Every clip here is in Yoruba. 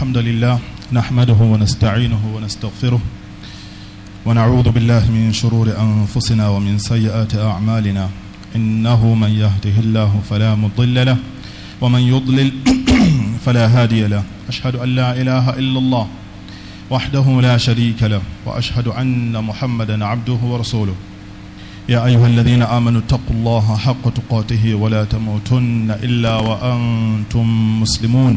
الحمد لله نحمده ونستعينه ونستغفره ونعوذ بالله من شرور أنفسنا ومن سيئات أعمالنا إنه من يهده الله فلا مضل له ومن يضلل فلا هادي له أشهد أن لا إله إلا الله وحده لا شريك له وأشهد أن محمدا عبده ورسوله يا أيها الذين آمنوا اتقوا الله حق تقاته ولا تموتن إلا وأنتم مسلمون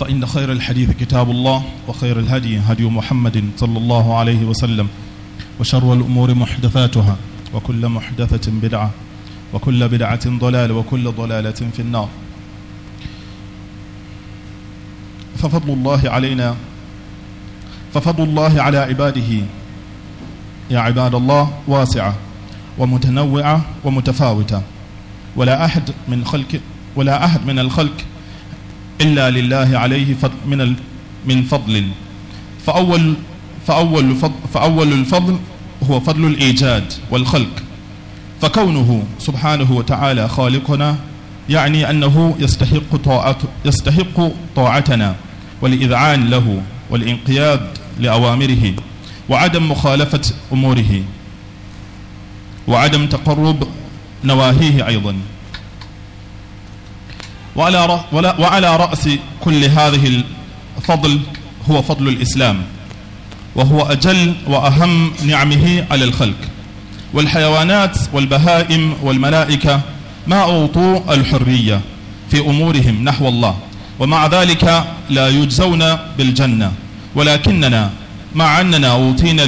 فإن خير الحديث كتاب الله وخير الهدي هدي محمد صلى الله عليه وسلم وشر الأمور محدثاتها وكل محدثة بدعة وكل بدعة ضلال وكل ضلالة في النار ففضل الله علينا ففضل الله على عباده يا عباد الله واسعة ومتنوعة ومتفاوتة ولا أحد من خلق ولا أحد من الخلق إلا لله عليه من من فضل فأول فأول فضل فأول الفضل هو فضل الإيجاد والخلق فكونه سبحانه وتعالى خالقنا يعني أنه يستحق يستحق طاعتنا والإذعان له والانقياد لأوامره وعدم مخالفة أموره وعدم تقرب نواهيه أيضاً وعلى, وعلى رأس كل هذه الفضل هو فضل الإسلام وهو أجل وأهم نعمه على الخلق والحيوانات والبهائم والملائكة ما أوطوا الحرية في أمورهم نحو الله ومع ذلك لا يجزون بالجنة ولكننا مع أننا أوطينا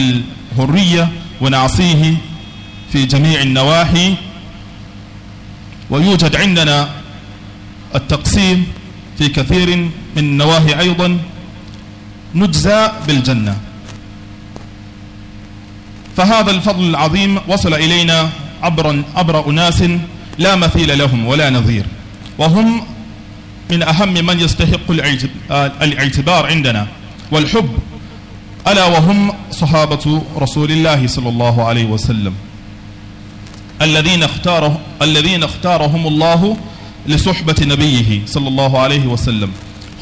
الحرية ونعصيه في جميع النواحي ويوجد عندنا التقسيم في كثير من النواهي أيضا نجزى بالجنة فهذا الفضل العظيم وصل إلينا عبر, عبر أناس لا مثيل لهم ولا نظير وهم من أهم من يستحق الاعتبار عندنا والحب ألا وهم صحابة رسول الله صلى الله عليه وسلم الذين اختاره الذين اختارهم الله لصحبة نبيه صلى الله عليه وسلم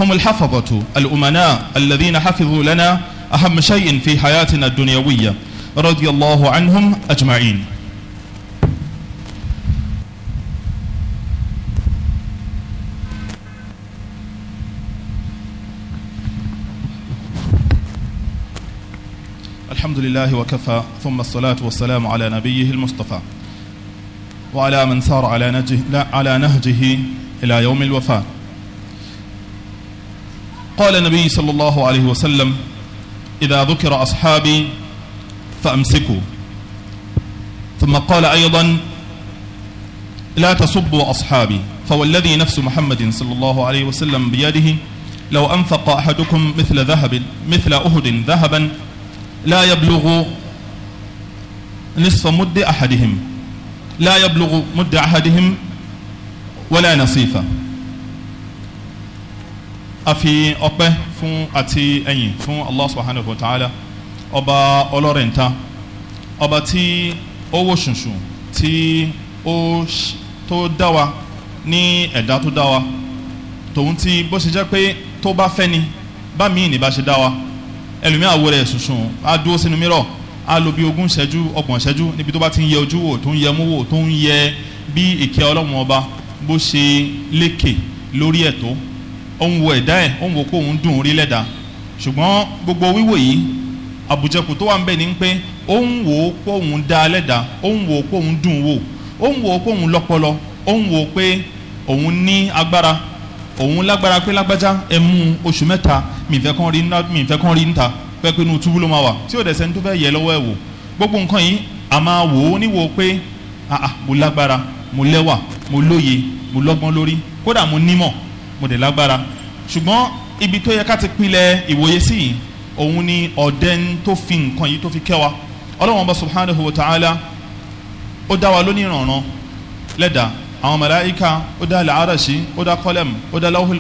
هم الحفظة الأمناء الذين حفظوا لنا أهم شيء في حياتنا الدنيوية رضي الله عنهم أجمعين الحمد لله وكفى ثم الصلاة والسلام على نبيه المصطفى وعلى من سار على نهجه, على نهجه إلى يوم الوفاة قال النبي صلى الله عليه وسلم إذا ذكر أصحابي فأمسكوا ثم قال أيضا لا تصبوا أصحابي فوالذي نفس محمد صلى الله عليه وسلم بيده لو أنفق أحدكم مثل ذهب مثل أهد ذهبا لا يبلغ نصف مد أحدهم لا يبلغ مد أحدهم ولا نصيفا afi ọpẹ́ fún àti ẹyìn fún allah subhanahu wa ta'ala ọba ọlọ́rẹ̀ǹta ọba tí ó wò ṣùnṣùn tí ó tó dá wa ní ẹ̀dá tó dá wa tòun ti bó ṣe jẹ́ pé tó bá fẹ́ ni bá mi ní bá ṣe dá wa ẹlòmíà wo rẹ̀ ṣùnṣùn á dúró sínú mìíràn á lo bí ogún ṣẹ́jú ọgbọ̀n ṣẹ́jú níbi tó bá ti ń yẹ ojú wò tó ń yẹ mú wò tó ń yẹ bí ìkẹ́ ọlọ́run ọba bó ṣe lékè lórí ẹ̀ tó ó ń wo ẹ̀dá ẹ̀ ó ń wo pé òun dùn orí lẹ́dà ṣùgbọ́n gbogbo wíwò yìí àbùjẹkù tó wà ń bẹ̀ ni pé ó ń pé òun dá lẹ́dà ó ń pé òun dùn wò ó ń pé òun lọ́pọlọ ó ń pé òun ní agbára òun lágbára pé lágbájá ẹ oṣù mẹ́ta mi ìfẹ́ kan rí níta pẹ́pẹ́ inú túbú ló máa wà tí ò dẹ̀ sẹ́ni tó fẹ́ yẹ lọ́wọ́ ẹ̀ wò gbogbo nǹkan yìí a máa wò ó níwò pé àà mo lágbára mo lẹ́wà mo lóye mo lọ́gbọ́n lórí kódà mo nímọ̀ mo dẹ̀ lágbára ṣùgbọ́n ibi tó yẹ ká ti pinlẹ̀ ìwòye sí yìí òun ni ọ̀dẹ́n tó fi nǹkan yìí tó fi kẹ́ wa ọlọ́wọ́n bá subhanahu wa ta'ala ó dá wa lónìí ìrànràn lẹ́dàá àwọn màláíkà ó dá làáràṣí ó dá kọlẹ̀m ó dá láhùl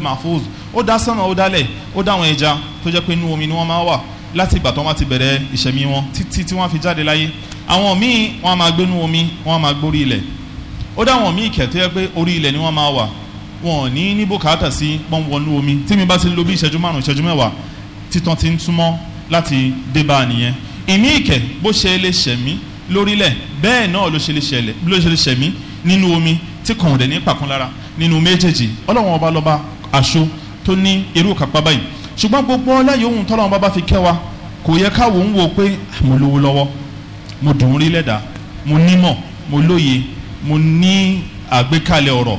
ó dá sánà ó dálẹ̀ ó dá àwọn ẹja tó jẹ́ pé inú omi ni wọ́n máa wà láti ìgbà tó wọn ti bẹ̀rẹ̀ ìṣẹ̀mí wọn títí tí wọ́n fi jáde láyé àwọn míì wọ́n á máa gbénú omi wọ́n á máa gbórí ilẹ̀ ó dá àwọn míì kẹ̀ yẹ pé orí ilẹ̀ ni wọ́n máa wà wọn ò ní ní bùkátà sí pọ́nwọnú omi tí mi bá ti lo bí ìṣẹ́jú márùn ìṣẹ́jú mẹ́wàá títàn ti ń túmọ̀ láti dé bá a nìyẹn ìmí ìkẹ̀ bó ṣe lè ṣẹ̀mí lórílẹ̀ bẹ́ẹ̀ náà ló ṣe lè ṣẹ̀mí nínú omi tí kàn ní pàkúnlára nínú méjèèjì ọlọ́run ọba lọ́ba àṣọ tó ní irú kápá báyìí ṣùgbọ́n gbogbo ọlá yòówù tọ́lọ́run bá bá fi kẹ́ wa kò yẹ káwọ ń wò pé ah, mo lówó lọ́wọ́ mo dùn rí lẹ́dàá mo nímọ̀ mo lóye mo ní àgbékalẹ̀ ọ̀rọ̀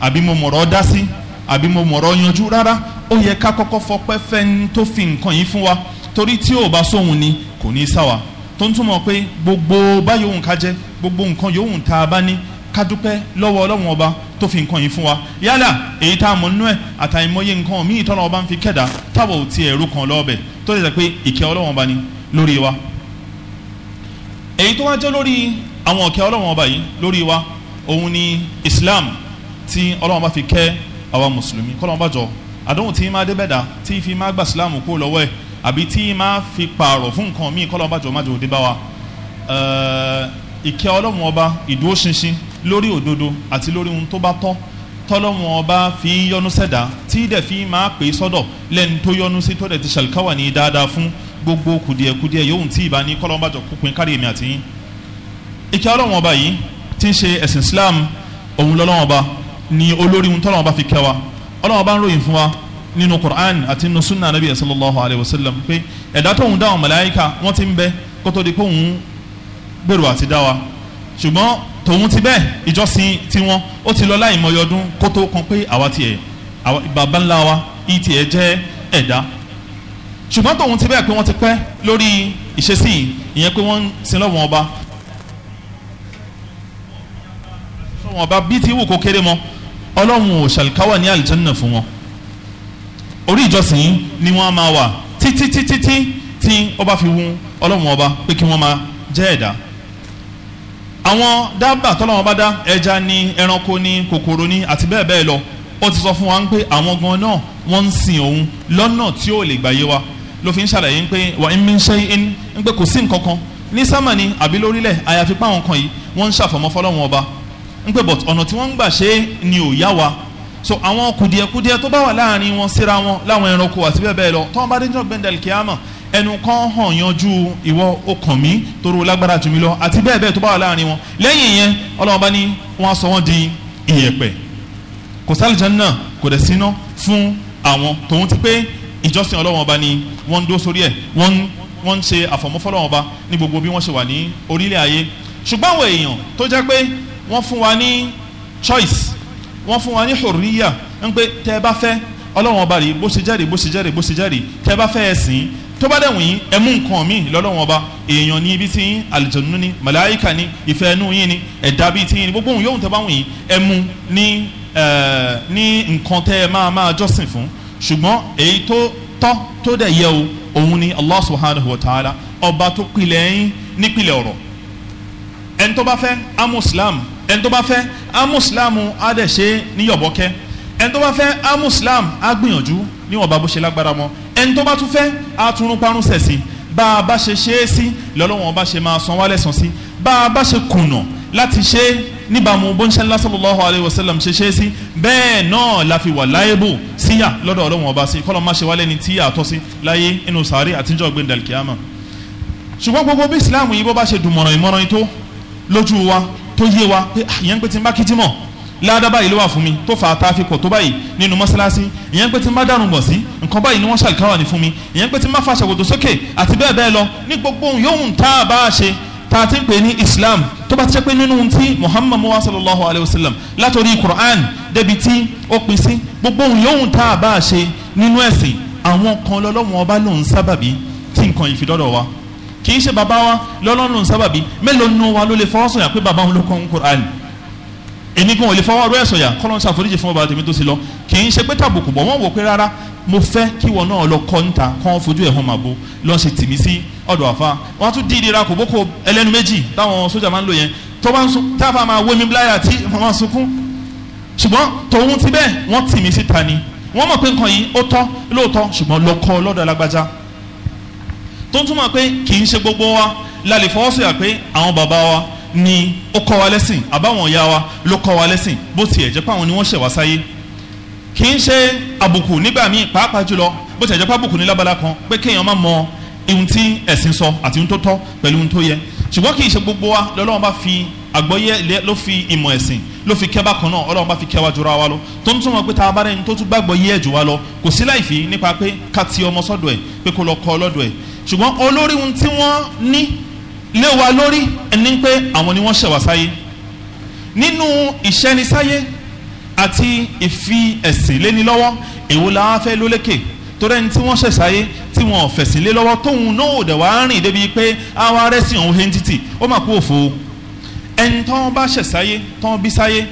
àbí mo mọ̀rọ̀ dá sí àbí mo mọ̀rọ̀ yanjú rárá ó yẹ ká kọ́kọ́ fọpẹ́ fẹ́ni tó fi nǹkan yìí fún wa torí tí ò bá sóhun ni kò ní í sáwa tó ń túmọ̀ pé gbogbo báyòówù ká jẹ́ gbogbo nǹkan yòówù tá a bá ní ká dúpẹ́ lọ́wọ́ ọlọ́run ọba tó fi nǹkan yìí fún wa yálà èyí tá a mọ̀ nínú ẹ̀ àtàìmọye nǹkan míì tọ́lọ́ ọba ń fi kẹ́dà tábọ̀ ti ẹ̀rú kan lọ́ọ̀bẹ̀ tó lè sọ pé ìkẹ́ ọlọ́wọ́n ọba ni lórí wa èyí tó wá jẹ́ lórí àwọn ọ̀kẹ́ ọlọ́wọ́n ọba yìí lórí wa òun ni Islam tí ọlọ́wọ́n bá fi kẹ́ àwa mùsùlùmí kọ́lọ́wọ́n bá jọ àdóhùn tí máa débẹ̀dà tí fi máa gbà sílámù kó lọ́wọ́ ẹ̀ àbí tí máa fi pààrọ̀ fún nǹkan míì kọ́lọ́wọ́n bá jọ máa jọ òde wa ìkẹ́ ọlọ́wọ́n ọba ìdúróṣinṣin lórí òdodo àti lórí ohun tó bá tọ́ tọ́lọ́wọ́n ọba fi ń yọnu sẹ́dá tí dẹ̀ fi máa pè é sọ́dọ̀ lẹ́nu tó yọnu sí tó dẹ̀ ti ṣàlùkáwà ní dáadáa fún gbogbo kùdìẹ̀kùdìẹ̀ yòówù tí ìbá ní kọ́lọ́wọ́n bàjọ́ kópin kárí èmi àti yín. ọlọ́wọ́n ọba yìí ti ń ṣe ẹ̀sìn Islam òun lọ́lọ́wọ́n ọba ni olórí ohun tọ́lọ́wọ́n ọba fi kẹ́ wa ọlọ́wọ́n ọba ń ròyìn fún wa nínú Qur'an àti nínú sunna anabi sallallahu alayhi wa sallam pé ẹ̀dá tóun dáhùn màláyíkà wọ́n ti ń bẹ kótó di pé òun gbèrò àti dá wa ṣùgbọ́n tòun ti bẹ́ẹ̀ ìjọsìn tiwọn ó ti lọ láì mọyọ ọdún kó tó kan pé àwa tiẹ̀ bàbá ńlá wa ìtiẹ̀ jẹ́ ẹ̀dá ṣùgbọ́n tòun ti bẹ́ẹ̀ pé wọ́n ti pẹ́ lórí ìṣesí ìyẹn pé wọ́n ń sin lọ́wọ́n ọba lọ́wọ́n ọba bíi ti wù kó kéré mọ́ ọlọ́run ò ṣàlùkáwà ní àlùjànnà fún wọn orí ìjọsìn ni wọ́n á máa wà títí títí tí ó bá fi wù ọlọ́run ọba pé kí wọ́n máa jẹ́ ẹ̀dá àwọn dábàá tọ́lọ́wọ́n bá dá ẹja ni ẹranko ni kòkòrò ni àti bẹ́ẹ̀ bẹ́ẹ̀ lọ ó ti sọ fún wa pé àwọn gan náà wọ́n ń sin òun lọ́nà tí ó lè gbàyé wa ló fi ń ṣàlàyé pé wà ń mi ṣe ń pé kò sí nǹkan kan ní sámà ni àbí lórílẹ̀ àyàfi pé àwọn kan yìí wọ́n ń ṣàfọ̀mọ́ fọlọ́wọ́n ọba ń pé but ọ̀nà tí wọ́n ń gbà ṣe ni ò yá wa so àwọn kùdìẹ̀kùdìẹ̀ tó bá wà láàrin wọn síra wọn láwọn ẹranko àti bẹ́ẹ̀ bẹ́ẹ̀ lọ tọ́wọ́n bá dé jọ́ gbẹ́ndẹ̀lì kíámà ẹnu kan hàn yanjú ìwọ ọkàn mi toro lágbára jù mí lọ àti bẹ́ẹ̀ bẹ́ẹ̀ tó bá wà láàrin wọn lẹ́yìn yẹn ọlọ́run bá ní wọ́n á sọ wọ́n di ìyẹ̀pẹ̀ kò sí àlùjánnà kò dẹ̀ síná fún àwọn tòun ti pé ìjọsìn ọlọ́run ni wọ́n ń dó sórí ẹ̀ wọ́n wọ́n ń ṣe àfọ̀mọ́fọ́lọ́run ọba ní gbogbo bí wọ́n ṣe wà ní orílẹ̀ ayé ṣùgbọ́n àwọn èèyàn tó jẹ́ pé wọ́n fún wa ní choice wọ́n fún wa ní hòríyà ń pé tẹ́ ẹ bá fẹ́ ọlọ́run ọba rèé bó ṣe jẹ́rìí bó ṣe jẹ́rìí bó ṣe jẹ́rìí tẹ́ ẹ bá fẹ́ ẹ sìn tó bá dẹ̀wọ̀n yín ẹ mú nǹkan mi lọ́lọ́wọ́n ọba èèyàn ní ibi tí yín àlùjọ̀nù ní màláyíkà ní ìfẹ́ inú yín ní ẹ̀dá bíi ti yín ní gbogbo ohun yóò tẹ́ bá wọ̀n yín ẹ mú ní ní nǹkan tẹ́ ẹ máa máa jọ́sìn fún ṣùgbọ́n èyí tó tọ́ tó dẹ̀ yẹ o òun ni allah subhanahu wa ta'ala ọba tó pilẹ̀ yín nípìlẹ̀ ọ̀rọ̀ ẹni tó bá fẹ́ amuslam ẹni tó bá fẹ́ á dẹ̀ ṣe níyọ̀bọ̀kẹ́ ẹni tó bá bó ṣe lágbára mọ́ ẹni tó bá tún fẹ́ àtúrún parun sẹ̀ sí bá a bá ṣe ṣe é sí lọ́lọ́wọ́n bá ṣe máa san wálẹ̀ sàn sí bá a bá ṣe kùnà láti ṣe níbàámu bóńṣẹ́ ńlá sallallahu alayhi wa sallam ṣe ṣe é sí bẹ́ẹ̀ náà la fi wà láyébù síyà lọ́dọ̀ ọlọ́wọ́n ọba sí kọ́lọ́ má ṣe wálẹ̀ ní tíyà àtọ́ sí láyé inú sàárè àtijọ́ gbẹ̀ndàlkìyàmà ṣùgbọ́n gbogbo bí ìsìláàmù yìí bó bá ṣe dùmọ̀ràn ìmọ̀ràn yìí tó lójú wa tó yé wa pé àyẹ̀ǹgbẹ́ ah, ti ń bá kìtìmọ̀ ládàbà yìí ló wà fún mi tó fà á ta fi pọ̀ tó báyìí nínú mọ́sálásí ìyẹn pé tí n bá dàrún bọ̀ sí nǹkan báyìí ni wọ́n ṣàlùkáwà ní fún mi ìyẹn pé tí n bá fa ṣàgòdò sókè àti bẹ́ẹ̀ bẹ́ẹ̀ lọ ní gbogbo yòówùn tá a bá a ṣe tá ti ń pè ní Islam tó bá ti ṣe pé nínú ti Muhammadu wa sallallahu alayhi wa sallam látòrí Quran débi tí ó pin sí gbogbo yòówùn tá a bá a ṣe nínú ẹ̀sìn àwọn kan lọ́lọ́wọ́n wa kì í ṣe bàbá wa lọ́lọ́run sábàbí mélòó nù wa ló lè fọwọ́sọ̀yà pé bàbá òun ló kọ́ ń Quran èmi gan ò lè fọwọ́ ọ̀rọ̀ ẹ̀ sọ̀yà kọ́lọ́n ṣàforíjì fún ọba tèmi tó ti lọ kì í ṣe pé tàbùkù bọ̀ wọ́n wò pé rárá mo fẹ́ kí wọn náà lọ kọ́ níta kọ́ fojú ẹ̀ hàn máa bo lọ́n ṣe tìmí sí ọ̀dọ̀ àfa wọ́n á tún dí ìdíra kò bókò ẹlẹ́nu méjì táwọn sójà máa ń lò yẹn tó bá ń sun táfà máa wé mi bláyà tí wọ́n máa sunkún ṣùgbọ́n tòun ti bẹ́ẹ̀ wọ́n tìmí síta ni wọ́n mọ̀ pé nǹkan yìí ó tọ́ lóòótọ́ ṣùgbọ́n lọ kọ́ lọ́dọ̀ alágbájá tó túmọ̀ pé kì í ṣe gbogbo wa la lè fọwọ́ sọ̀yà pé àwọn bàbá wa ni ó kọ́ wa lẹ́sìn àbáwọn ìyá wa ló kọ́ wa lẹ́sìn bó tiẹ̀ jẹ́ pé àwọn ni wọ́n ṣẹ̀ wá sáyé kì í ṣe àbùkù nígbà míì pàápàá jùlọ bó tiẹ̀ jẹ́ pé àbùkù ní lábala kan pé kéèyàn má mọ ihun tí ẹ̀sìn sọ àti ihun tó tọ́ pẹ̀lú ihun tó yẹ ṣùgbọ́n kì í ṣe gbogbo wa lọ́lọ́run bá fi àgbọ́yé ló fi ìmọ̀ ẹ̀sìn ló fi kẹ́ bákan náà ọlọ́run bá fi kẹ́ wa jura wa lọ tó ń túmọ̀ pé tá a bá rẹ́ni tó tún gbàgbọ́ yé ẹ̀jù wa lọ kò sí láì fi nípa pé ká ti ọmọ sọ́dọ̀ ẹ̀ pé kó lọ kọ́ ọ lọ́dọ̀ ẹ̀ ṣùgbọ́n olórí ohun tí wọ́n ní lé wa lórí ẹni pé àwọn ni wọ́n ṣẹ̀ wá sáyé nínú ìṣẹ́nisáyé àti ìfi ẹ̀sìn léni lọ́wọ́ èwo la á fẹ́ ló lékè torí ẹni tí wọ́n ṣẹ̀ sáyé tí wọ́n fẹ̀sìn lé lọ́wọ́ tóun náà ò dẹ̀ wá rìn débi pé àwa rẹ́sìn òun hẹ́n títì ó mà kú òfo ẹni tán bá ṣẹ̀ sáyé tán bí sáyé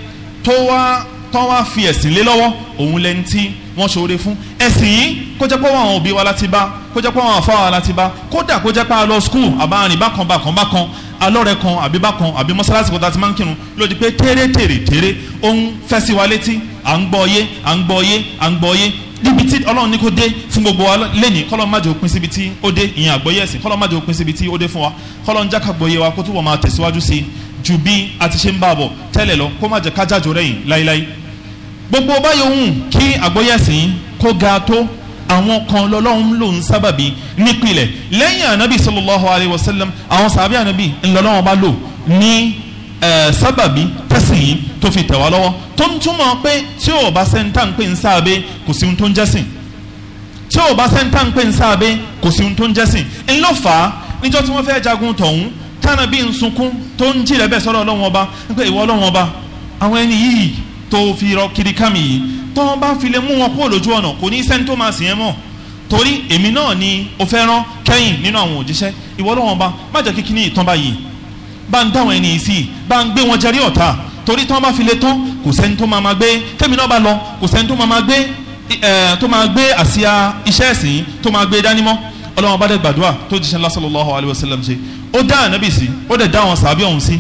tó wá tán wá fi ẹ̀sìn lé lọ́wọ́ òun lẹni tí wọ́n ṣoore fún ẹ̀sìn yìí kó jẹ́ pé wọ́n òbí wa láti bá kó jẹ́ pé àwọn àfáà láti bá kódà kó jẹ́ pé a lọ skul àbárin bákan bákan bákan alọ́rẹ̀ kan àbí bákan àbí mọ́sálásí kan tá a ti máa ń kírun lójú pé tèrè tèrè tèrè ó ń fẹ́ sí wa létí à ń gbọ́ yé à ń gbọ́ yé à ń gbọ́ yé níbi tí ọlọ́run ní kó dé fún gbogbo wa lẹ́nìí kọ́lọ́ má jẹ́ òpin síbi tí ó dé ìyẹn àgbọ́yé ẹ̀sìn kọ́lọ́ má jẹ́ òpin síbi tí ó dé fún wa kọ́lọ́ ń jákà gbọ́yé wa kó túbọ̀ máa tẹ̀síwájú sí i ju bí a ti ṣe ń bá a bọ̀ tẹ́lẹ̀ lọ kó má jẹ́ ká jájò rẹ̀yìn láíláí. gbogbo báyìí ohun kí àgbọ́yé ẹ̀sìn kó ga tó àwọn kan lọ́lọ́run ló ń sábàbí nípìnlẹ̀ lẹ́yìn ànábì sallallahu alayhi wa sallam àwọn sàbí ànábì ńlọ́lọ́run bá lò ní sábàbí tẹ̀sí yìí tó fi tẹ̀ wá lọ́wọ́ tó ń túmọ̀ pé tí ò bá sẹ́ńtà ń pè ń sáàbẹ̀ kò sí ohun tó ń jẹ́sìn tí ò bá sẹ́ńtà ń pè ń sáàbẹ̀ kò sí ohun tó ń jẹ́sìn ńlọ́fà níjọ́ tí wọ́n fẹ́ jagun tọ̀hún tánàbí ń sunkún tó ń jìrẹ̀ bẹ́ẹ̀ sọ́dọ̀ ọlọ́run ọba ń pè ìwọ ọlọ́run ọba àwọn ẹni yìí tó fi rọ kiri kámi yìí tọ́ bá fi lè mú wọn kó lójú ọ̀nà kò ní sẹ́ni tó máa sìn yẹn mọ̀ torí èmi náà ni o fẹ́ rán kẹ́yìn nínú àwọn òjíṣẹ́ ìwọ lọ́wọ́ bá má jẹ́ kíkí ní ìtàn báyìí bá ń dáwọn ẹni sí i bá ń gbé wọn jẹrí ọ̀tá torí tọ́ bá fi lè tán kò sẹ́ni tó máa gbé tẹ́mi náà bá lọ kò sẹ́ni tó máa gbé tó máa gbé àsíá iṣẹ́ ẹ̀sìn tó máa gbé dání mọ́ ọlọ́wọ́n bá dẹ̀ gbàdúrà tó jíṣẹ́ ńlá sallallahu alaihi wasallam ṣe ó dá ànábì sí ó dẹ̀ dá àwọn sàbí ọ̀hún sí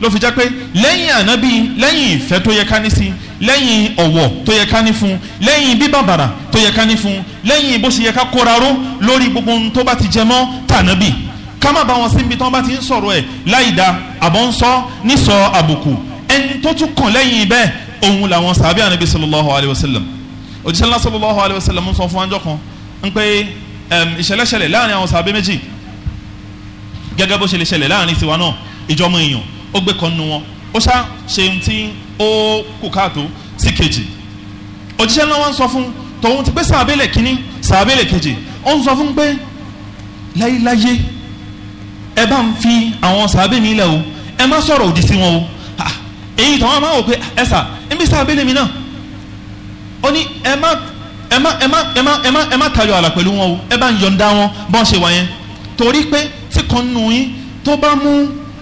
ló fi jẹ́ pé lẹ́yìn ànábì lẹ́yìn lẹ́yìn ọ̀wọ̀ tó yẹ ká ní fún lẹ́yìn bíbàbàrà tó yẹ ká ní fún lẹ́yìn bó ṣe yẹ ká kóra ró lórí gbogbo ohun tó bá ti jẹ mọ́ tànábì ká má ba wọn síbi tí wọ́n bá ti ń sọ̀rọ̀ ẹ̀ láì da àbọ̀ ń sọ nísọ àbùkù ẹni tó tún kàn lẹ́yìn bẹ́ẹ̀ òun làwọn sàbí ànábi sallallahu alayhi wa sallam òjíṣẹ́ ńlá sallallahu alayhi wa sallam ń sọ fún anjọ́ kan ń pé ìṣẹ̀lẹ̀ṣẹlẹ̀ láàrin àwọn sàbí méjì gẹ́gẹ́ bó ṣe lè ṣẹlẹ̀ láàrin tiwa náà ìjọmọ èèyàn ó gbé kan nu wọn ó ṣá ṣe ti ó kù káàtó sí kejì òjíṣẹ́ ńlá wa sọ fún tòun ti pé sàbẹ̀lẹ̀ kínní sàbẹ̀lẹ̀ kejì ó ń sọ fún pé láyéláyé ẹ bá ń fi àwọn sàbẹ̀ mi lẹ̀ o ẹ má sọ̀rọ̀ òdì sí wọn o èyí tàwọn máa wò pé ẹ sà ń bí sàbẹ̀lẹ̀ mi náà ó ní ẹ má ẹ má ẹ má ẹ má ẹ má ẹ má tayọ àlà pẹ̀lú wọn o ẹ bá ń yọ̀ǹda wọn bọ́n ṣe wà yẹn torí pé tí kan nù yín tó bá mú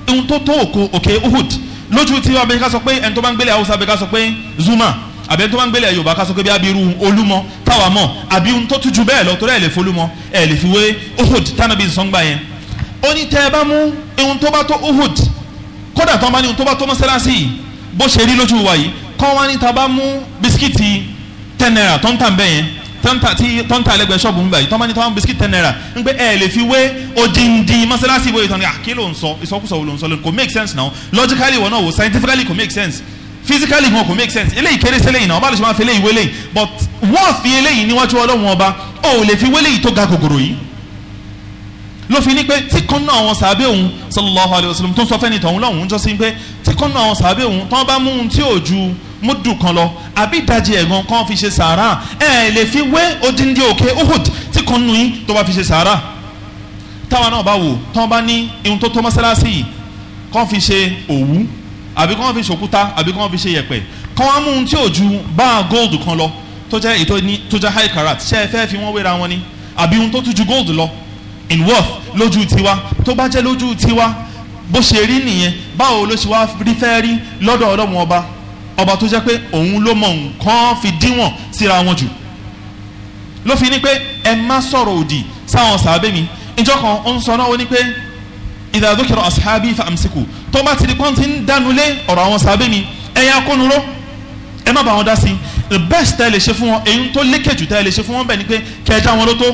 ohun tó tó òkè Uhud lójú tí wọn bẹ ká sọ pé ẹni tó bá ń gbélé haúsá bẹ ká sọ pé zuma àbí ẹni tó bá ń gbélé yorùbá ká sọ pé bí abiru olúmọ táwa mọ àbí ohun tó tuju bẹ́ẹ̀ lọ torí ẹ̀ lè folúmọ ẹ̀ lè fi wé uhud tánàbí sọ́ngbà yẹn ó ní tẹ́ ẹ bá mú ohun tó bá tó uhud kódà tó ń bá ní ohun tó bá tó mọ́sálásì bó ṣe rí lójú wa yìí kọ́ wá ní ta bá mú bisikíìtì ten tó ń tà ń bẹ́ yẹn tọ́ntà tí tọ́ntà lẹ́gbẹ̀ẹ́ ṣọ́ọ̀bù ń báyìí tọ́mọ́ni tọ́mọ́ bisikì ten naira ń gbé ẹ̀ lè fi wé odindi mọ́sálásí ìbòye tán ni àkè ló ń sọ ìsọkúsọ wo ló ń sọ lónìí kò make sense now logically wọn náà wò scientifically kò make sense physically wọn kò make sense eléyìí kéré sí eléyìí náà ọba ló ṣe máa fi eléyìí wéléyìí but wọ́n fi eléyìí níwájú ọlọ́run ọba ó lè fi wéléyìí tó ga gògòrò yìí ló fi ní pé tí kan náà àwọn sàábé òun sallallahu alayhi wa sallam tó ń sọ fẹ́ni tọ̀hún lọ́hùn-ún jọ́sí pé tí kan náà àwọn sàábé òun tán bá mú un tí ò ju múdù kan lọ àbí ìdajì ẹ̀gàn kan fi ṣe sàárà ẹ̀ lè fi wé odindi òkè Uhud tí kan nù yín tó bá fi ṣe sàárà táwa náà bá wò táwọn bá ní ihun tó tó mọ́sálásí yìí kan fi ṣe òwú àbí kan fi ṣòkúta àbí kan fi ṣe yẹ̀pẹ̀ kan wá mú un tí ò ju báà góòdù kan lọ tó jẹ́ èyí tó jẹ́ high carat ṣé ẹ fẹ́ fi wọ́n wéra wọn ni àbí ohun tó tún ju góòdù lọ in worth lójú tiwa tó bá jẹ́ lójú tiwa bó ṣe rí nìyẹn báwo ló ṣe wá rí fẹ́ rí lọ́dọ̀ ọlọ́run ọba ọba tó jẹ́ pé òun ló mọ nǹkan fi díwọ̀n síra wọn jù ló fi ní pé ẹ má sọ̀rọ̀ òdì sáwọn sàábẹ́ mi ìjọ kan ó ń sọ náà ó ní pé ìdàdókèrò àṣàbí fa àmsíkù tó bá ti di pọ́n ti ń dánu lé ọ̀rọ̀ àwọn sàábẹ́ mi ẹ̀yà kónúró ẹ má bà wọn dá sí the best tẹ́ ẹ lè ṣe fún wọn èyí tó lékè jù tẹ́ ẹ lè ṣe fún wọn bẹ́ẹ̀ ni pé kẹjá wọn ló tó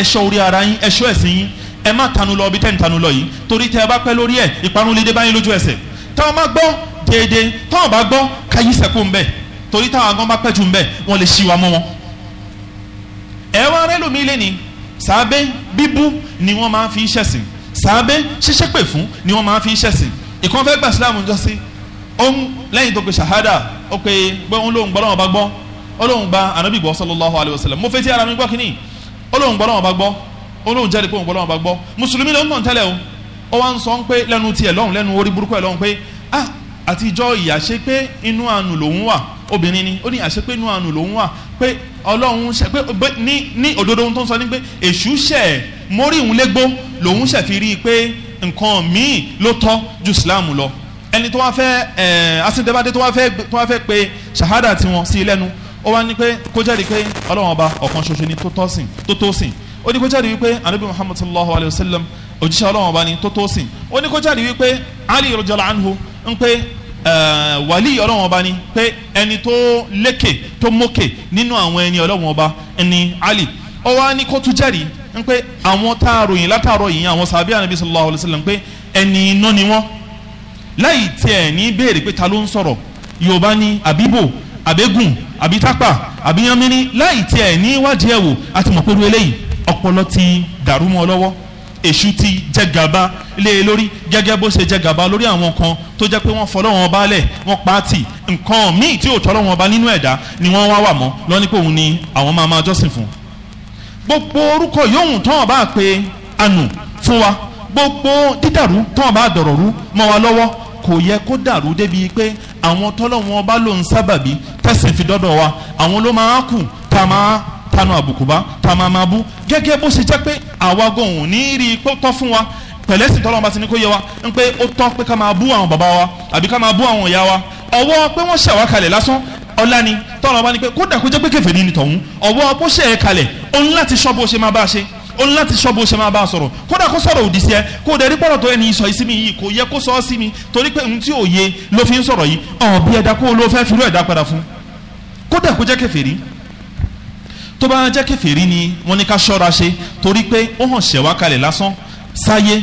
ẹ̀ṣọ́ orí ara yín ẹ̀ṣọ́ ẹ̀sìn yín ẹ má tanu lọ ibi tẹ́ ń tanu lọ yìí torí tẹ́ ẹ bá pẹ́ lórí ẹ̀ ìparun lè dé báyìí lójú ẹsẹ̀ táwọn má gbọ́ déédéé táwọn bá gbọ́ ká yí sẹ́kù ń bẹ̀ torí táwọn gan bá pẹ́ jù ń bẹ̀ wọ́n lè ṣí wa mọ́ wọn. ẹ wá lé ní sàábé bíbú ni wọ́n máa fi ń ṣẹ̀sìn sàábé ṣíṣẹ́ pè fún ni wọ́n máa fi ń ṣẹ̀sìn ìkan fẹ́ gbà sílámù jọ sí òun lẹ́yìn tó pe ṣàhádà ó pe òun lóun gbọ́ lọ́wọ́ bá gbọ́ ó lóun gba ànábì gbọ́ sallallahu alayhi wa sallam mo fẹ́ tí ara mi gbọ́ kínní ó lóun gbọ́ bá gbọ́ ó jẹ́rìí pé òun gbọ́ lọ́wọ́ bá gbọ́ mùsùlùmí lóun tàn tẹ́lẹ̀ o ó wá ń sọ pé lẹ́nu tiẹ̀ lọ́hùn lẹ́nu orí burúkú ẹ̀ lọ́hùn pé ah àtijọ́ ìyá ṣe pé inú àánú lòun wà obìnrin ni ó ní àṣẹ pé inú àánú lòun wà pé ọlọ́run ṣe pé ní ní òdodo ohun tó ń sọ ni pé èṣù ṣẹ̀ mórí òun légbó lòun ṣẹ̀ fi rí i pé nǹkan míì ló tọ́ ju islam lọ ẹni tó wá fẹ́ ẹ̀ asindebade tó wá fẹ́ tó wá fẹ́ pe ṣahada tiwọn sí lẹ́nu ó wá ní pé kó jẹ́rìí pé ọlọ́run ọba ọ̀kan ṣoṣo ni tó tọ́ sìn tó tó sìn ó ní kó jáde wípé anabi muhammad sallallahu alayhi wa sallam òjíṣẹ́ ọlọ́run ọba ni tó tó sìn ó ní kó jáde wípé ali rọjòlá anhu ń pé Eh, wàlí ọlọ́wọ́n ọba ni pé ẹni tó lékè tó mókè nínú àwọn ẹni ọlọ́wọ́n ọba ẹni ali ó wá ní kó tún jẹ́rìí ń pé àwọn tá a ròyìn látàárọ̀ yìí àwọn sàbí ànábi sallallahu alayhi wa sallam pé ẹni iná ni wọ́n láì tiẹ̀ ní béèrè pé ta ló ń sọ̀rọ̀ yorùbá ni àbíbò àbégùn àbítápà àbíyánmíní láì tiẹ̀ ní wádìí ẹ̀wò àti mọ̀pẹ́rú eléyìí ọpọlọ ti dàrú mọ́ ọ èṣù ti jẹ gàba lé e lórí gẹ́gẹ́ bó ṣe jẹ gàba lórí àwọn kan tó jẹ́ pé wọ́n fọlọ́wọ́n ọba lẹ̀ wọ́n pa nǹkan míì tí ò tọ́lọ́wọ́n ọba nínú ẹ̀dá ni wọ́n wá wà mọ́ lọ́ní pé òun ni àwọn máa máa jọ́sìn fún. gbogbo orúkọ yòówù tán ọba pé ànù fún wa gbogbo dídàrú tán ọba dọ̀rọ̀ rú mọ́ wa lọ́wọ́ kò yẹ kó dàrú débi pé àwọn tọ́lọ́wọ́n ọba ló ń sábàbí tẹ̀sìn fi dọ́dọ̀ wa àwọn ló máa kù tá a máa tanu àbùkù bá tá máa máa bú gẹ́gẹ́ bó ṣe jẹ́ pé àwa gòhùn ní rí i pé ó tọ́ fún wa pẹ̀lẹ́sìn tọ́lọ́mọba ti ní kó yẹ wa ń pé ó tọ́ pé ká máa bú àwọn bàbá wa àbí ká máa bú àwọn ìyá wa ọwọ́ pé wọ́n ṣẹ̀wá kalẹ̀ lásán ọlá ni tọ́lọ́mọba ni pé kódà kó jẹ́ pé kèfèrí ni tọ̀hún ọwọ́ bó ṣẹ̀ ẹ́ kalẹ̀ ó ní láti sọ bó ṣe máa bá a ṣe ó ní láti sọ bó ṣe máa bá a sọ̀rọ̀ kódà kó sọ̀rọ̀ òdì sí ẹ kó rí tó bá jẹ́ kẹfìrí ni wọ́n ní ká ṣọ́ra ṣe torí pé ó hàn ṣẹ̀wá kalẹ̀ lásán sáyé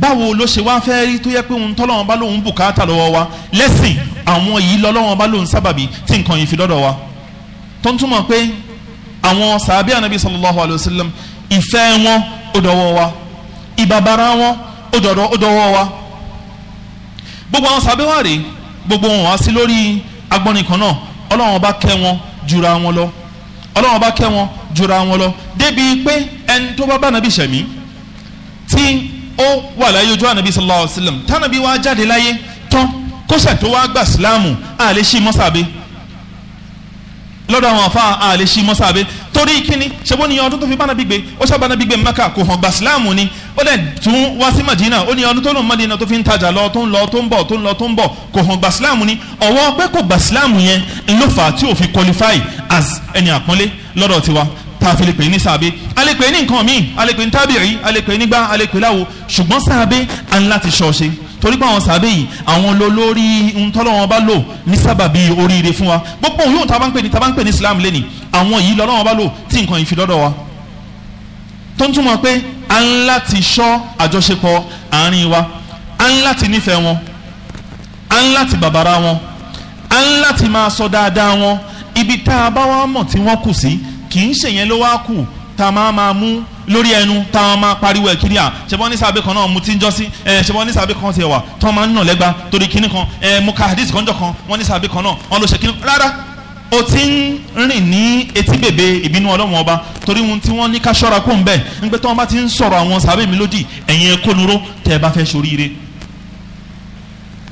báwo ló ṣe wá fẹ́ rí tó yẹ pé òun tọ́lọ́wọ́n bá lòun bùkátà lọ́wọ́ wa lẹ́sìn àwọn yìí lọ́lọ́wọ́n bá lòun sábàbí tí nǹkan yìí fi lọ́dọ̀ wa tó ń túmọ̀ pé àwọn sàbí anabi sallallahu alayhi wa sallam ìfẹ́ wọn ó dọwọ́ wa ìbàbàrà wọn ó dọwọ́ wa gbogbo àwọn sàbí wa rèé gbogbo wọn wá sí lórí agbọ́nrin náà ọlọ́wọ́n bá kẹ́ wọn jura wọn lọ ọlọ́run bá kẹ́ wọn jura wọn lọ débi pé ẹni tó bá bá nàbí sẹ̀mí tí ó wà láyé ojú ànàbí sallallahu alayhi tánàbí wá jáde láyé tán kó sẹ̀ tó wá gbà sílámù àlè sí mọ́sàbí lọ́dọ̀ àwọn afa àlè ṣí mọ́sàbẹ́ torí kíni ṣebó ni ọdún tó fi bánabí gbé ó ṣàbánabí gbé maka kò hàn gbàsílámù ni ó dẹ̀ tún wá sí madina ó ní ọdún tó lòun madina tó fi ń tajà lọ tó ń lọ tó ń bọ̀ tó ń lọ tó ń bọ̀ kò hàn gbàsílámù ni ọ̀wọ́ pé kò gbàsílámù yẹn ló fà á tí ò fi qualify as ẹni àpọ́nlé lọ́dọ̀ tiwa tá fi lè pè ní sàbẹ a lè pè ní nǹkan míì a lè pè ní tábìrì a lè pè nígbà a lè pè láwo ṣùgbọ́n sàbẹ à ń láti ṣọ́ọ̀ṣe torí pé àwọn sàbẹ̀ yìí àwọn lọ lórí ntọ́lọ́wọ́n bá lò ní sábàbí oríire fún wa gbogbo òun yóò tá a bá ń pè ní tá a bá ń pè ní Islam lẹ́ni àwọn yìí lọ́lọ́wọ́n bá lò tí nǹkan yìí fi dọ́dọ̀ wa tó ń túmọ̀ pé a ń láti ṣọ́ àjọṣepọ̀ àárín wa a ń láti nífẹ̀ẹ́ wọn a ń láti bàbàrà wọn a ń láti máa sọ dáadáa wọn ibi tá a bá wá mọ̀ tí wọ́n kù sí kì í ṣèyẹn ló wá kù tá a máa máa mú lórí ẹnu tá a máa pariwo ẹ̀ kiri à ṣẹbọ́n ní sábẹ́ kan náà mu ti ń jọ́sí ẹ̀ ṣẹbọ́n ní sábẹ́ kan ti ẹ̀ wà tó máa ń nà lẹ́gba torí kinní kan ẹ̀ mo ka hadith kan jọ kan wọ́n ní sábẹ́ kan náà wọ́n lọ ṣe kinní rárá o ti ń rìn ní etí bèbè ìbínú ọlọ́run ọba torí wọn tí wọ́n ní ká ṣọ́ra kó ń bẹ̀ ń pẹ́ tí wọ́n bá ti ń sọ̀rọ̀ àwọn sábẹ́ mi lódì ẹ̀yin ẹ̀kọ́nuró tẹ́ ẹ bá fẹ́ ṣoríire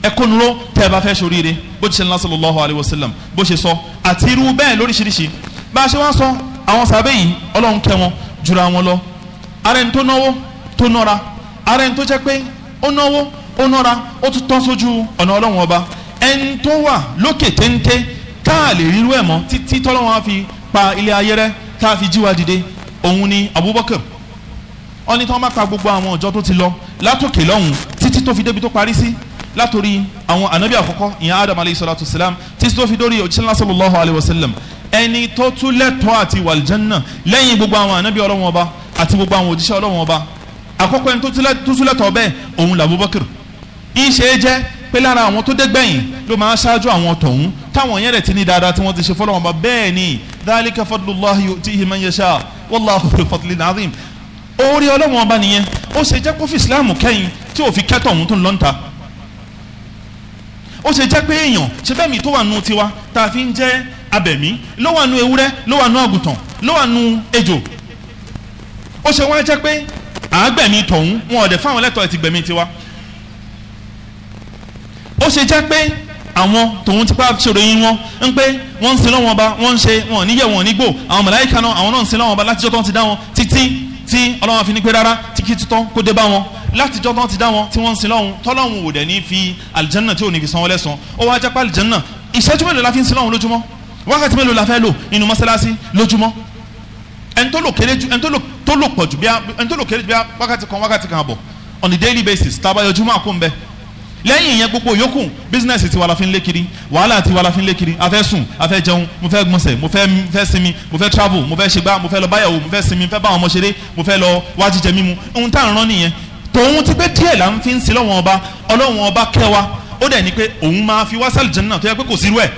ẹ̀kọ́nuró tẹ́ ẹ bá fẹ́ ṣoríire bó ti ṣe ńlá sallallahu alaihi wasallam bó ṣe sọ àti irú bẹ́ẹ̀ lóríṣiríṣi bá a ṣe wá sọ àwọn sàbẹ̀ yìí ọlọ́run kẹ́ wọn jura wọn lọ ara ẹni tó náwó tó nọ́ra ara ẹni tó jẹ́ pé ó náwó ó nọ́ra ó tún tán sójú ọ̀nà ọlọ́run ọba ẹni tó wà lókè téńté táà lè rírú ẹ̀ mọ́ títí tọ́lọ́wọ́n á fi pa ilé ayé rẹ́ tá a fi jíwa dìde òun ni Abubakar ó tí wọ́n bá pa gbogbo àwọn ọjọ́ tó ti lọ látòkè lọ́hùn títí tó fi débi tó parí sí látòrí àwọn ànábì àkọ́kọ́ ìyẹn Adam alayhi salatu salam títí tó fi dórí òjíṣẹ́ sallallahu alayhi wa sallam ẹni tó tún lẹ́tọ̀ọ́ àti wàlìjánná lẹ́yìn gbogbo àwọn ànábì ọlọ́wọ́n ọba àti gbogbo àwọn òjíṣẹ́ ọlọ́wọ́n ọba àkọ́kọ́ ẹni tó tún lẹ́tọ̀ọ́ bẹ́ẹ̀ òun làbúbọ́kìrì ìṣe é jẹ́ pé lára àwọn tó dẹ́gbẹ̀yìn ló máa ṣáájú àwọn tọ̀hún táwọn yẹn rẹ̀ ti ní dáadáa tí wọ́n ti ṣe fọlọ́wọ́n ọba bẹ́ẹ̀ ni dhalika fadlullahi yu'tihi man yasha wallahu dhul fadlil azim orí ọlọ́wọ́n ọba ó ṣe jẹ́ pé èèyàn ṣe bẹ́ẹ̀ mi tó wà nù tiwa tá a fi ń jẹ́ abẹ̀mí ló wà nù ewúrẹ́ ló wà nù àgùntàn ló wà nù ejò ó ṣe wá jẹ́ pé àágbẹ̀mí tọ̀hún wọn ọ̀dẹ̀ fáwọn lẹ́tọ̀ọ́ ti gbẹ̀mí tiwa ó ṣe jẹ́ pé àwọn tòun tipa ṣòròyìn wọn ń pé wọ́n ń sin lọ́wọ́n ọba wọ́n ń ṣe wọn níyẹ̀ wọn nígbò àwọn màláíkà náà àwọn náà ń sin lọ́wọ́n ọba látijọ́ tó ń ti dá wọn títí tí ọlọ́wọ́n fi ní pé rárá tí kí títọ́ kó dé bá wọn látijọ́ tó ń ti dá wọn tí wọ́n ń sin lọ́wọ́n tọ́lọ́wọ́n ò dẹ̀ ní fi àlìjánná tí ò ní fi sanwó lẹ́sàn ó wá jápá àlìjánná ìṣẹ́jú mélòó la fi ń sin lọ́wọ́n lójúmọ́ wákàtí mélòó la fẹ́ lò nínú mọ́sálásí lójúmọ́ ẹni tó lò kéré ju ẹni tó lò pọ̀ ju on a daily basis taba jùmọ̀ àkóńbẹ́ lẹ́yìn ìyẹn gbogbo yòókù bísínẹ́sì tiwa la fi ń lé kiri wàhálà tiwa la fi ń lé kiri afẹ́ sùn afẹ́ jẹun mo fẹ́ gbọ̀nsẹ̀ mo fẹ́ fẹ́ sinmi mo fẹ́ travel mo fẹ́ ṣègbà mo fẹ́ lọ báyàwó mo fẹ́ sinmi mo fẹ́ bá àwọn ọmọ ṣeré mo fẹ́ lọ wá jíjẹ mímu ohun tá à ń rán nìyẹn tòun ti pé díẹ̀ là ń fi ń sin lọ́wọ́n ọba ọlọ́wọ́n ọba kẹwa ó dẹ̀ ni pé òun máa fi wá sálì jẹ́ náà tó yẹ pé kò sí irú ẹ̀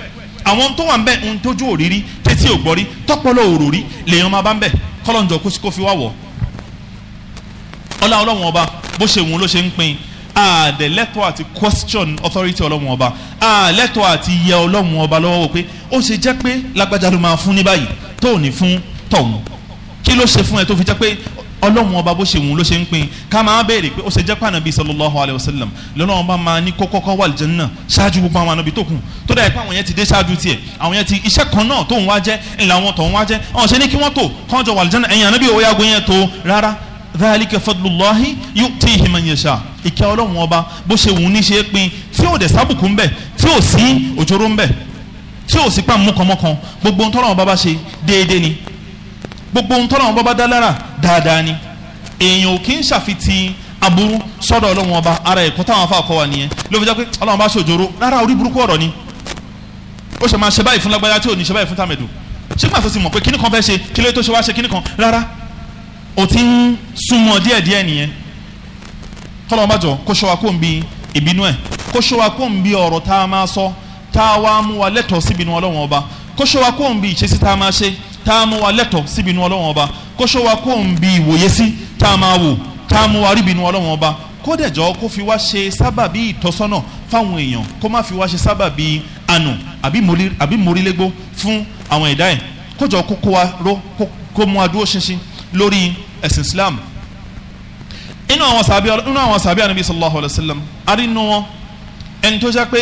àwọn tó wà ń bẹ ń tójú òrírí tẹ́tí ò gbọ́rí tọ́pọ̀lọ òrò rí lèèyàn máa bá ń bẹ kọ́lọ́njọ kó fi wá wọ̀ ọlá ọlọ́wọ́n ọba bó ṣe wù ú ló ṣe ń pín àdè àti question authority ọlọ́wọ́n ọba àlẹ́tọ̀ọ́ àti yẹ ọlọ́wọ́n ọba lọ́wọ́ wò pé ó ṣe jẹ́ pé lágbájá ló máa fún ní báyìí tó ò ní fún tọ̀hún kí ló ṣe fún ẹ tó fi jẹ́ pé ọlọ́run ọba bó ṣe wù ú ló ṣe ń pín ká máa béèrè pé ó ṣe jẹ́ pàànà bíi sallallahu alayhi wa sallam lọ́nà ọba máa ní kọ́kọ́ kọ́ wà lìjẹ́ náà ṣáájú gbogbo àwọn ànábì tó kù tó dà pé àwọn yẹn ti dé ṣáájú tiẹ̀ àwọn yẹn ti iṣẹ́ kan náà tóun wá jẹ́ ńlá wọn tóun wá jẹ́ ọ̀n ṣe ní kí wọ́n tó kọ́njọ wà lìjẹ́ náà ẹ̀yìn ànábì ó yàgò yẹn tó gbogbo ohun tọ́lọ́wọ́n bá bá dá lára dáadáa ni èèyàn ò kí ń ṣàfitì aburú sọ́dọ̀ ọlọ́wọ́n ọba ara ẹ̀kọ́ táwọn afa kọ́ wa nìyẹn ló fi jẹ́ pé ọlọ́wọ́n bá ṣòjòrò rárá orí burúkú ọ̀rọ̀ ni ó ṣe máa ṣe báyìí fún lágbájá tí ò ní ṣe báyìí fún tàmẹ̀dù ṣé pàtó ti mọ̀ pé kíní kan fẹ́ ṣe kí ló tó ṣe wá ṣe kíní kan rárá ò ti ń súnmọ́ díẹ̀díẹ̀ nìyẹn kọ́lọ́wọ́n bá jọ kó ṣọ́ wa kó ń bi ìbínú ẹ̀ kó ṣọ́ wa kó ń bi ọ̀rọ̀ tá a máa sọ tá a wá mú wa lẹ́tọ̀ọ́ síbinú ọlọ́wọ́n ọba kó ṣọ́ wa kó ń bi ìṣesí tá a máa ṣe tá a mú wa lẹ́tọ̀ síbi inú ọlọ́wọ́n ọba kó ṣọ́ wa kó ń bi ìwòye sí tá a máa wò tá a mú wa ríbi inú ọlọ́wọ́n ọba kó dẹ̀jọ́ kó fi wá ṣe sábàbí ìtọ́sọ́nà fáwọn èèyàn kó má fi wá ṣe sábàbí ànù àbí mórílégbó fún àwọn ẹ̀dá ẹ̀ kójọ kókó wa ró kó mú adúró ṣinṣin lórí ẹ̀sìn islam inú àwọn sàbí inú àwọn sàbí anabi sallallahu alayhi wa sallam arínú wọn ẹni tó jẹ́ pé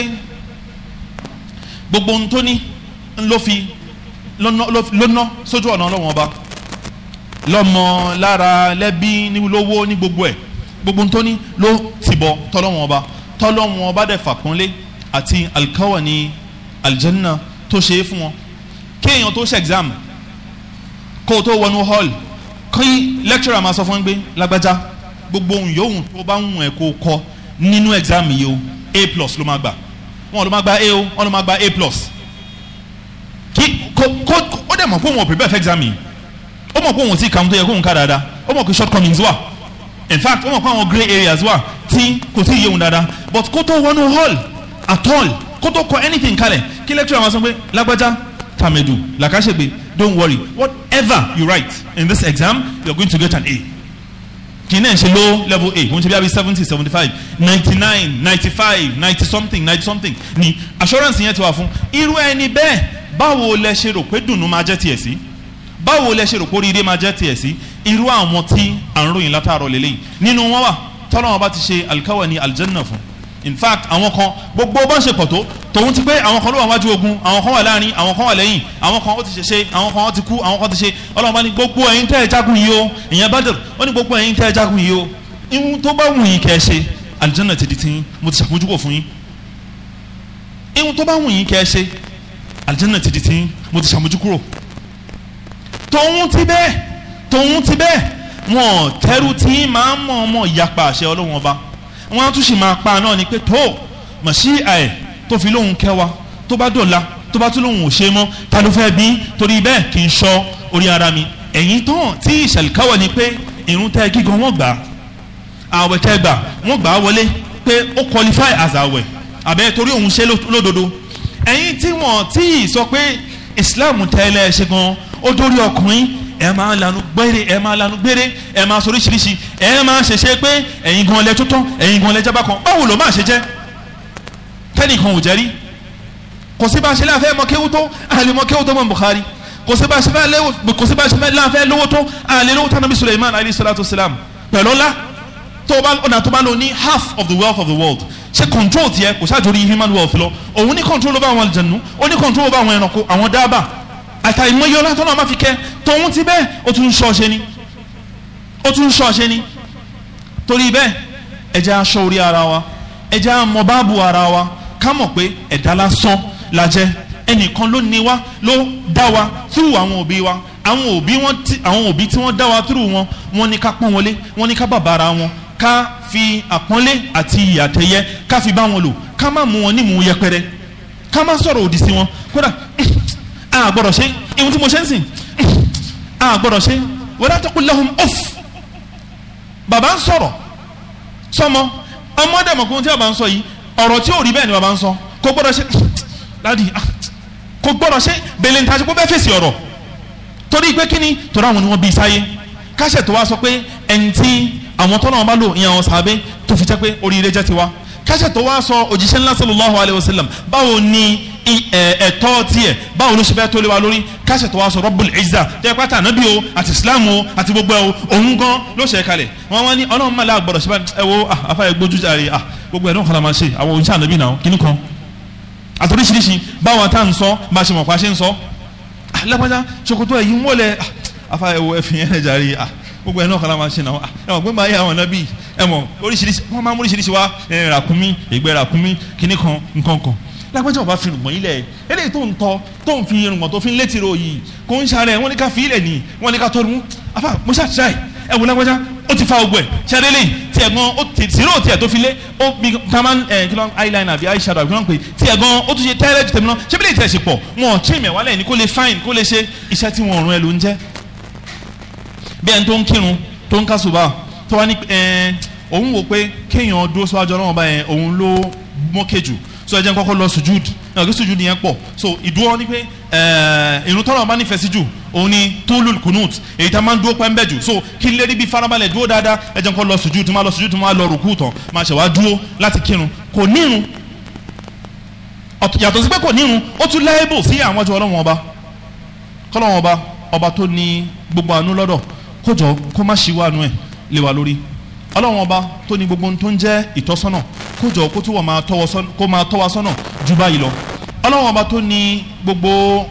gbogbo ohun tó ní ló fi lọ́nà sójú ọ̀nà ọlọ́wọ́n ọba lọ́mọ lára lẹ́bí lówó ní gbogbo ẹ̀ gbogbo tó ní ló tìbọ̀ tọ́lọ́wọ́n ọba tọ́lọ́wọ́n ọba dẹ̀ fàpọ́nlé àti alkawa ní aljanna tó ṣe é fún wọn kéèyàn tó ṣe exam kó o tó wọnú hall kí lecturer máa sọ fún gbé lágbájá gbogbo ohun yòówù tó bá ń wọ̀n ẹ̀ kó o kọ nínú exam yìí o a plus ló máa gbà wọn ló máa gba a o wọn ló máa gba a plus kó ó dẹ̀ mọ̀ pé òun ò prepare for exam yìí ó mọ̀ pé òun ti kàwọn tó yẹ kóun ká dáadáa ó mọ̀ pé shortcomings wà in fact ó mọ̀ pé àwọn grey areas wà tí kò tí ì dáadáa but kó tó wọnú hall at all kó tó kọ anything kalẹ̀ kí lecturer wọn sọ pé lágbájá tàmẹ̀dù làkàṣègbè don't worry whatever you write in this exam you are going to get an A kìíní ẹ̀ ṣe low level a òun ṣe bí abi seventy seventy five ninety nine ninety five ninety something ninety something ni assurance yẹn ti wà fún irú ẹni bẹ́ẹ̀ báwo lẹ ṣe rò pé dùnú máa jẹ́ tiẹ̀ sí báwo lẹ ṣe rò pé oríire máa jẹ́ tiẹ̀ sí irú àwọn tí à ń ròyìn látàárọ̀ lélẹ́yìn nínú wọn wà tọ́lọ́wọ́n bá ti ṣe alkawa ní aljanna fún in fact àwọn kan gbogbo bó ṣe pọ̀ tó tòun ti pé àwọn kan ló wà wájú ogun àwọn kan wà láàrin àwọn kan wà lẹ́yìn àwọn kan ó ti ṣe ṣe àwọn kan ó ti kú àwọn kan ti ṣe ọlọ́run bá ní gbogbo ẹ̀yin tẹ́ ẹ jagun yìí o ìyẹn bá dẹ̀rù ó ní gbogbo ẹ̀yin tẹ́ ẹ jagun yìí o ihun tó bá wù yín kẹ́ ẹ ṣe àlùjánnà ti di tiyín mo ti ṣàpójúkò fún yín ihun tó bá wù yín kẹ́ ẹ ṣe àlùjánnà ti di tiyín mo ti ṣàmójúkúrò tòun ti bẹ́ẹ̀ tòun ti bẹ́ẹ̀ wọn tẹ́rù tí máa ń mọ̀ ọmọ ìyapa àṣẹ ọlọ́run ọba wọ́n tún sì máa pa náà ni pé tó mọ̀ sí àyè tó fi lóhùn kẹwa tó bá dọ̀la tó bá tún lóhùn ò ṣe mọ́ ta ló fẹ́ bí torí bẹ́ẹ̀ kì í sọ orí ara mi ẹ̀yìn tán tí ìṣàlìkáwọ̀ ni pé irun tẹ́ gígan wọ́n gbà àwẹ̀ tẹ́ gbà wọ́n gbà wọlé pé ó qualify as àwẹ̀ àbẹ́ torí òun ṣe lódodo ẹ̀yìn tí wọ́n tí ì sọ pé Islam tẹ́lẹ̀ ṣe gan ó dórí ọkùnrin ẹ máa lanu gbére ẹ máa lanu gbére ẹ máa soríṣiríṣi ẹ máa ṣẹṣẹ pé ẹ̀yin gan lẹ tuntun ẹ̀yin gan lẹ jábá kan báwo ló máa ṣe jẹ́ tẹ́nìkan ò jẹ́ rí kò sí bá a ṣe láfẹ́ mọ kéwú tó àlè mọ kéwú tó mọ Bukhari kò sí bá a ṣe fẹ́ léwu kò sí bá a ṣe fẹ́ láfẹ́ lówó tó àlè lówó tánàbí Suleiman alayhi salatu salam pẹ̀lú tó o bá ọ̀nà tó bá lò ní half of the wealth of the world ṣe control tiẹ̀ kò ṣáà torí human wealth lọ òun ní control over àwọn àlùjànnú ó ní control over àwọn ẹranko àwọn dábàá àtàìmọye ọlá tọ́lọ́ máa fi kẹ́ tòun ti bẹ́ẹ̀ ó tún ń ṣọ́ ṣe ni ó tún ń ṣọ́ ṣe ni torí bẹ́ẹ̀ ẹ jẹ́ aṣọ orí ara wa ẹ jẹ́ àmọ́ báàbù ara wa ká mọ̀ pé ẹ̀dá lásán la jẹ́ ẹnìkan ló ní wa ló dá wa through àwọn òbí wa àwọn òbí wọn tí àwọn òbí tí wọ́n dá wa through wọn wọ́n ní ká pọ́n wọlé wọ́n ní ká bàbára wọn ká fi àpọ́nlé àti ìyàtẹ̀yẹ ká fi bá wọn lò ká má mú wọn nímú yẹpẹrẹ ká má sọ̀rọ̀ òdì sí wọn kódà a gbọ́dọ̀ ṣe ìwọ̀n tí mo ṣe ń sìn a gbọ́dọ̀ ṣe wala taqul lahum uff bàbá ń sọ̀rọ̀ sọmọ ọmọdé mọ̀ pé ohun tí bàbá ń sọ yìí ọ̀rọ̀ tí ò rí bẹ́ẹ̀ ni bàbá ń sọ kò gbọ́dọ̀ ṣe láti ah. kò gbọ́dọ̀ ṣe bèlè ń tajú pé bẹ́ẹ̀ fèsì ọ̀rọ̀ torí pé kíni torí àwọn ni wọ́n bí sáyé káṣẹ̀ tó wá sọ pé ẹni àwọn tọ́nà wọn bá lò ìyẹn àwọn sàbẹ́ tó fi jẹ́ pé oríire jẹ́ tiwa káṣẹ̀ tó wá sọ òjíṣẹ́ ńlá sallallahu alayhi wa sallam báwo ni ẹ̀tọ́ tiẹ̀ báwo ló ṣe fẹ́ tó lé wa lórí káṣẹ̀ tó wá sọ Rabbul Izza tẹ́ pátá ànábì o àti Islam o àti gbogbo ẹ̀ o òun gan ló ṣe kalẹ̀ wọ́n wá ní ọlọ́run mọ̀lá àgbọ̀dọ̀ ṣe bá ẹ wo afáyẹ ah, gbójú jàre ah, gbogbo ẹ̀ náà kọ́ra máa ṣe àwọn oníṣẹ́ ànábì náà kínní kan àtòríṣiríṣi báwọn tá à ń sọ bá ṣe mọ̀ pa ṣe ń sọ alápájá ah, ṣòkòtò ẹ̀yìn wọlé afáyẹ wo ẹ̀fìn ẹ̀ jàre gbogbo ẹ náà kala máa ṣe náà ẹ mọ gbẹmọ ayé àwọn nábì ẹ mọ oríṣiríṣi wọn máa ń oríṣiríṣi wá ẹ ràkúnmí ìgbẹ́ ràkúnmí kíní kan nǹkan kan lágbájá ọba fi rùgbọ̀n ilẹ̀ eléyìí tó ń tọ́ tó ń fi rùgbọ̀n tó fi ń létí ro yìí kò ń ṣàrẹ̀ wọ́n ní ká fi ilẹ̀ ni wọ́n ní ká tọ́ nu afa mo ṣàṣà ẹ̀ ẹ̀ wò lágbájá ó ti fa ogbó ẹ̀ ṣàrẹ̀ lẹ́yìn tiẹ̀ gan ó ti zero tiẹ̀ tó fi lé ó bí taman ẹ̀ kí eyeliner àbí eyeshadow àbí kí ló ń pè tiẹ̀ gan ó tún ṣe tẹ́lẹ̀ ju tèmi lọ ṣé bí lè tiẹ̀ ṣe pọ̀ wọn ò tí ni kó fine kó lè ṣe iṣẹ́ tí wọn ò rún ẹ ló ń jẹ́ bí ẹni tó ń so ẹ jẹ́ kọ́kọ́ lọ sujud náà kí sujud yẹn pọ̀ so ìdúró ni pé eh, ìrun tọ́lọ̀ bá nífẹ̀ẹ́ sí jù òun ni tólùl kùnút èyí tá máa ń dúró pẹ́ńbẹ́ jù so kí n lè rí bí farabalẹ̀ dúró dáadáa ẹ jẹ́ kọ́ lọ sujud tó máa lọ sujud tó máa lọ rùkú tán máa ṣẹ̀wá dúró láti kírun kò nírun yàtọ̀ sí pé kò nírun ó tún láìbò sí àwọn ọjọ́ ọlọ́wọ́n ọba kọ́lọ́wọ́n ọba ọba tó ní gbogbo àánú lọ́dọ̀ kójọ kó má ṣíwáàánú ẹ̀ lé wa lórí ọlọ́run ọba tó ní gbogbo tó ń jẹ́ ìtọ́sọ́nà kó jọ kó tó máa tọ́ wa sọ́nà ju báyìí lọ ọlọ́run ọba tó ní gbogbo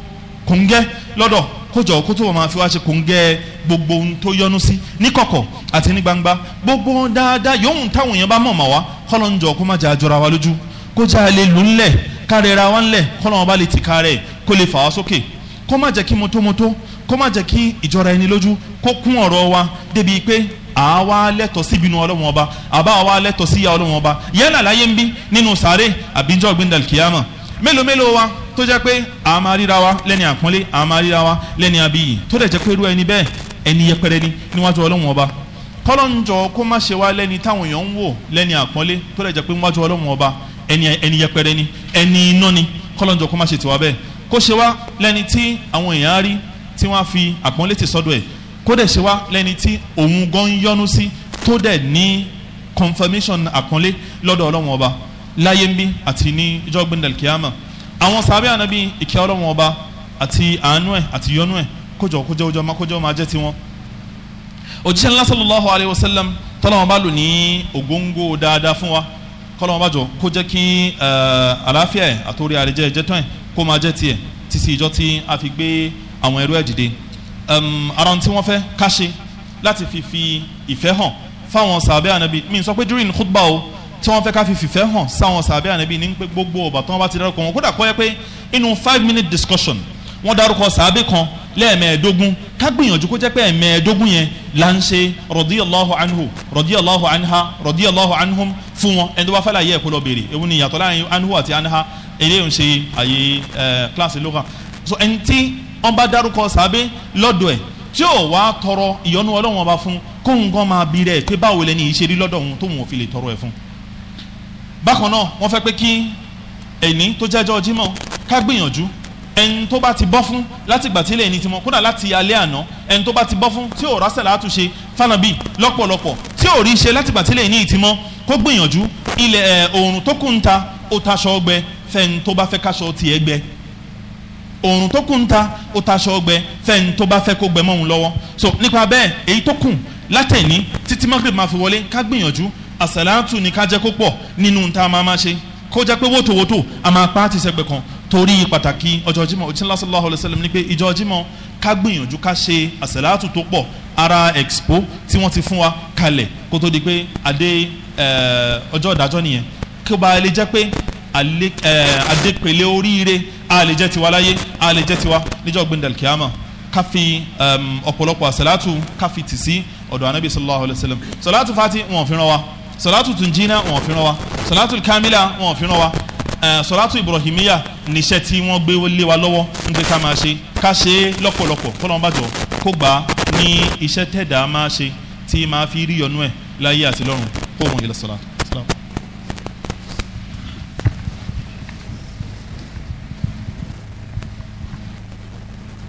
kòńgẹ́ lọ́dọ̀ kó jọ kó tó máa fi wá ṣe kòńgẹ́ gbogbo ohun tó yọnu sí níkọ̀kọ̀ àti ní gbangba gbogbo dáadáa yòówù táwọn èèyàn bá mọ̀ mọ̀ wá kọ́lọ́ jọ kó má jẹ́ àjọra wa lójú kó jẹ́ àlè lù ńlẹ̀ kárẹ̀ra wa ńlẹ̀ kọ́lọ́run ọba lè tìka rẹ̀ kó lè fà wá sókè kó má jẹ́ kí motomoto kó má jẹ́ kí ìjọra ẹni lójú kó kún ọ̀rọ̀ wa débi pé àwa lẹ́tọ̀ sí ìbínú ọlọ́run ọba àbá àwa lẹ́tọ̀ sí ìyá ọlọ́run ọba yálà láyé ń bí nínú sàárè àbíjọ́ gbẹ̀ndàlì kìámà mélòó mélòó wa tó jẹ́ pé a máa ríra wa lẹ́ni àpọ́nlé a máa ríra wa lẹ́ni abiyì tó dẹ̀ jẹ́ pé irú ẹni bẹ́ẹ̀ ẹni yẹpẹrẹ ni níwájú ọlọ́run ọba kọ́lọ́njọ kó má ṣe wá lẹ́ni táwọn èèyàn ń wò lẹ́ni àpọ́nlé tó dẹ̀ jẹ́ pé níwájú ọlọ́run ọba ẹni yẹpẹrẹ ni ẹni iná ni kọ́lọ́njọ kó má ṣe tiwa bẹ́ẹ̀ kó ṣe wá lẹ́ni tí àwọn èèyàn á rí tí wọ́n á fi àpọ́nlé ti sọ́dọ̀ ẹ̀ kó dẹ̀ ṣe wá lẹ́ni tí òun gan ń yọ́nú sí tó dẹ̀ ní confirmation àpọ́nlé lọ́dọ̀ ọlọ́wọ́n ọba láyé ń bí àti ní ìjọ gbẹ̀ndẹ̀l kíámà àwọn sàbẹ̀ ànábì ìkẹ́ ọlọ́wọ́n ọba àti àánú ẹ̀ àti yọ́nú ẹ̀ kójọ kójọ ọjọ́ má kójọ máa jẹ́ tiwọn. òjíṣẹ́ ńlá sallallahu alayhi wa sallam tọ́lọ́wọ́n bá lò ní ògóńgó dáadáa fún wa kọ́lọ́wọ́n bá jọ kó jẹ́ kí eh, àlàáfíà ẹ̀ àtòrí àrẹ̀jẹ́ ẹ̀jẹ̀ tán ẹ̀ kó máa jẹ́ tiẹ̀ títí ìjọ tí a fi gbé àwọn ẹrú ẹ̀ dìde ara tí wọ́n fẹ́ ká láti fi fi ìfẹ́ hàn fáwọn sàbẹ́ ànábì mi sọ pé during khutba o tí wọ́n fẹ́ ká fi fìfẹ́ hàn sáwọn sàbẹ́ ànábì ní pé gbogbo ọba tí wọ́n bá ti dárúkọ wọn kódà kọ́ yẹ pé inú five minute discussion wọ́n dárúkọ sàbẹ́ kan lẹ́ẹ̀mẹ́ẹ̀dógún ká gbìyànjú kó jẹ́ pé ẹ̀mẹ́ẹ̀dógún yẹn là ń ṣe radiyallahu anhu radiyallahu anha radiyallahu anhum fún wọn ẹni tó bá fẹ́lẹ̀ ayé ẹ̀kọ́ lọ béèrè ewu ni ìyàtọ̀ láàrin anhu àti anha eléyìí ń ṣe àyè kíláàsì eh, lóga so ẹni tí wọ́n bá dárúkọ sàbẹ lọ́dọ̀ ẹ̀ tí ò wá tọrọ ìyọ́nú Ọlọ́run ọba fún kó nǹkan máa bi rẹ̀ pé báwo lẹni yìí ṣe rí lọ́dọ̀ òun tó wọn ò fi lè tọrọ ẹ̀ fún. bákan náà wọ́n fẹ́ pé kí ẹni tó jẹ́jọ́ Jímọ̀ ká gbìyànjú ẹni tó bá ti bọ́ fún láti gbà tí ẹni ti kódà láti alẹ́ àná ẹni tó bá ti bọ́ fún tí ò rásẹ̀ látúnṣe fanabi lọ́pọ̀lọpọ̀ tí ò rí ṣe láti gbà tí ilé ẹni ti mọ kó gbìyànjú ilẹ̀ eh, oòrùn tó kù ń ta ó taṣọ ọgbẹ fẹ́ni tó bá fẹ́ káṣọ tiẹ̀ gbẹ òòrùn tó kù ń ta ó taṣọ ọgbẹ fẹ́ni tó bá fẹ́ kó gbẹ mọ́ òun lọ́wọ́ so nípa bẹ́ẹ̀ èyí tó kù látẹ̀ní títí magreth máa fi wọlé ká gbìyànjú àsàlátù ni ká jẹ́ kó pọ̀ nínú ta máa máa ṣe kó jẹ́ pé wótòwótò a máa pa á ti sẹ́gbẹ̀ kan torí pàtàkì ọjọ́ jimọ̀ òtí ńlá sallallahu alayhi wa ni pé ìjọ jimọ̀ ká gbìyànjú ká ṣe àsàlátù tó pọ̀ ara expo tí wọ́n ti fún wa kalẹ̀ kó tó di pé adé eh, ọjọ́ ìdájọ́ nìyẹn kí ó bá lè jẹ́ pé adépele oríire a lè jẹ́ tiwa láyé a lè jẹ́ tiwa níjọ́ gbẹ̀ndẹ̀l kíámà káfi ọ̀pọ̀lọpọ̀ àsàlátù káfi tì sí ọ̀dọ̀ anábì sallallahu alayhi wa sallam sàlátù fati wọn fi ràn wa sàlátù tunjina wọn fi ràn wa salatu kamila wọn fi ràn wa salatu ibrahimiya níṣẹ́ tí wọ́n gbé lé wa lọ́wọ́ ń gbé ká máa ṣe ká ṣe é lọ́pọ̀lọpọ̀ kọ́lọ́mbàjọ́ kó gbà á ní iṣẹ́ tẹ̀dá máa ṣe tí máa fi rí yọnú ẹ̀ láyé àti lọ́run kó wọn ilẹ̀ sàlátù.